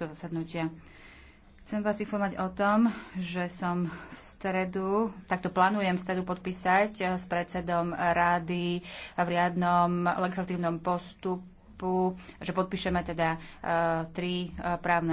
tohto zasadnutia. Chcem vás informovať o tom, že som v stredu, takto plánujem v stredu podpísať eh, s predsedom rády v riadnom legislatívnom postupu, že podpíšeme teda eh, tri eh, právne